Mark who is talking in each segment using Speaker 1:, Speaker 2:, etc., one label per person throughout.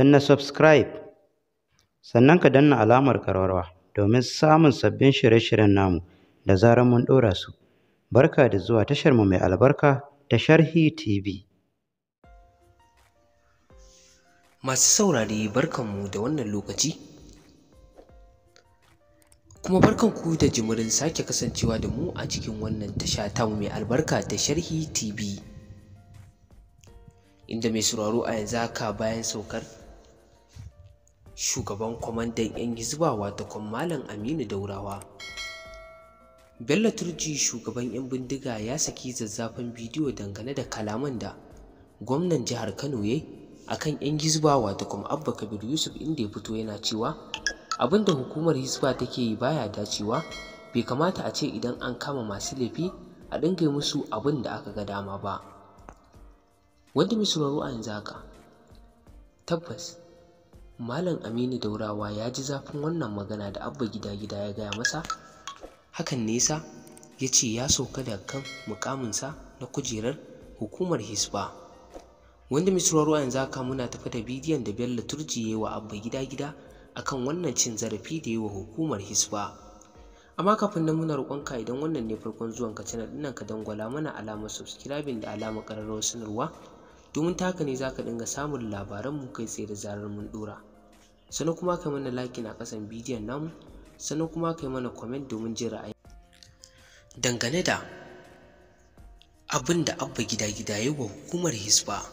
Speaker 1: na subscribe sannan ka danna alamar karwarwa domin samun sabbin shirye-shiryen namu da zarar mun ɗora su barka da zuwa tashar mu mai albarka ta sharhi tv masu saurare barkanmu da wannan lokaci kuma barkan ku da jimirin sake kasancewa da mu a cikin wannan tasha mu mai albarka ta sharhi tv inda mai sauraro a yanzu haka bayan saukar shugaban kwamandan 'yan hizba wata kwan malam aminu daurawa bello turji shugaban 'yan bindiga ya saki zazzafan bidiyo dangane da kalaman da gwamnan jihar kano ya akan 'yan hizba wata kuma abba kabir yusuf inda ya fito yana cewa abinda hukumar hizba take yi baya dacewa bai kamata a ce idan an kama masu laifi a dinga musu abin da aka ga dama ba wanda mai sauraro a yanzu haka tabbas Malam Aminu Daurawa ya ji zafin wannan magana da Abba Gida-gida ya gaya masa, hakan nesa ya ce ya sauka da kan mukaminsa na kujerar hukumar Hisba. Wanda mai yanzu haka muna tafi da bidiyon da Bello Turji ya wa Abba Gida-gida akan wannan cin zarafi da ya wa hukumar Hisba. Amma kafin nan muna ka idan wannan ne farkon zuwan ka canal ɗinnan ka dangwala mana alamar subscribing da alamar ƙararrawar sanarwa domin ta haka ne za ka dinga samun labaran mu kai tsaye da zarar mun ɗora. sannan kuma ka mana likin a ƙasan bidiyon namu sannan kuma ka mana comment domin jin ra'ayi dangane da abin da abba gida gida ya wa hukumar hisba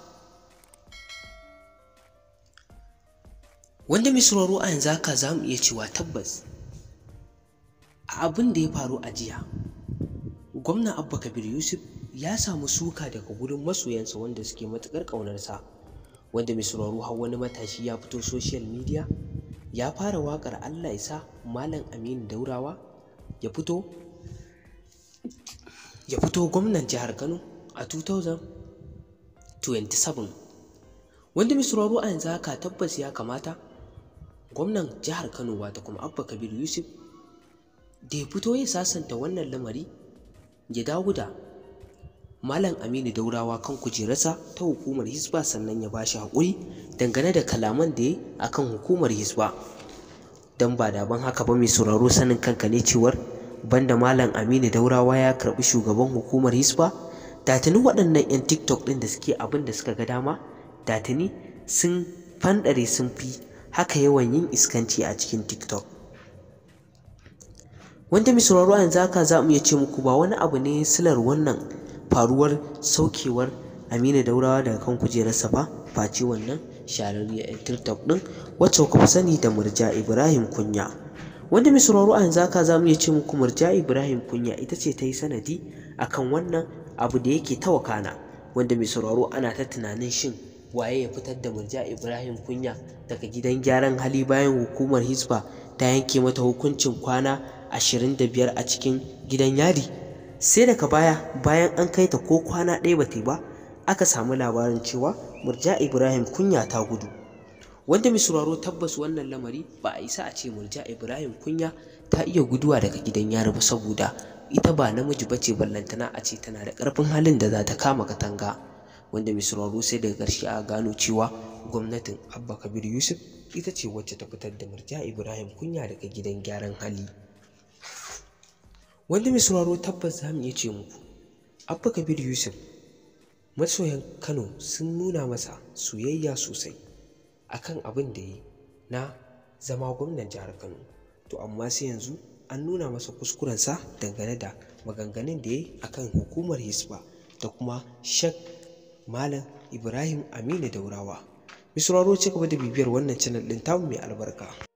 Speaker 1: wanda mai sauraro a yanzu haka za mu iya cewa tabbas a abin da ya faru a jiya gwamna abba kabir yusuf ya samu suka daga gurin masoyansa wanda suke matuƙar ƙaunarsa wanda mai sauraro har wani matashi ya fito social media ya fara waƙar Allah isa Malam Aminu Daurawa ya fito ya fito gwamnan jihar Kano a 2027 wanda mai sauraro a yanzu haka tabbas ya kamata gwamnan jihar Kano wata kuma Abba Kabir Yusuf da ya fito ya sasanta wannan lamari ya dawo da Malam Aminu Daurawa kan kujerarsa ta hukumar Hisba sannan ya bashi haƙuri dangane da kalaman da ya akan hukumar Hisba. Don ba da ban haka ba mai sauraro sanin kanka ne cewar banda Malam Aminu Daurawa ya karɓi shugaban hukumar Hisba da tuni waɗannan 'yan TikTok ɗin da suke abin da suka ga dama da tuni sun fanɗare sun fi haka yawan yin iskanci a cikin TikTok. Wanda mai sauraro yanzu haka za mu iya ce muku ba wani abu ne silar wannan faruwar saukewar Aminu Daurawa daga kan kujerarsa ba face wannan shahararriyar 'yar TikTok ɗin wacce kuka sani da Murja Ibrahim Kunya. Wanda mai sauraro a yanzu haka za mu iya ce muku Murja Ibrahim Kunya ita ce ta yi sanadi akan wannan abu da yake ta wakana wanda mai sauraro ana ta tunanin shin waye ya fitar da Murja Ibrahim Kunya daga gidan gyaran hali bayan hukumar Hisba ta yanke mata hukuncin kwana ashirin da biyar a cikin gidan yari. sai daga baya bayan an kai ta ko kwana ɗaya ba ta yi ba aka samu labarin cewa murja ibrahim kunya ta gudu wanda mai sauraro tabbas wannan lamari ba a isa a ce murja ibrahim kunya ta iya guduwa daga gidan yari ba saboda ita ba namiji ba ce ballantana a ce tana da ƙarfin halin da za ta kama katanga wanda mai sauraro sai daga ƙarshe a gano cewa gwamnatin abba kabir yusuf ita ce wacce ta fitar da murja ibrahim kunya daga gidan gyaran hali Wani mai sauraro tabbas za mu iya ce muku abba kabir yusuf masoyan kano sun nuna masa soyayya sosai akan abin da yi na zama gwamnan jihar kano to amma sai yanzu an nuna masa kuskurensa dangane da maganganun da ya yi akan hukumar hisba da kuma shek malam ibrahim aminu daurawa misraro ci gaba da bibiyar wannan channel ɗin tamu mai albarka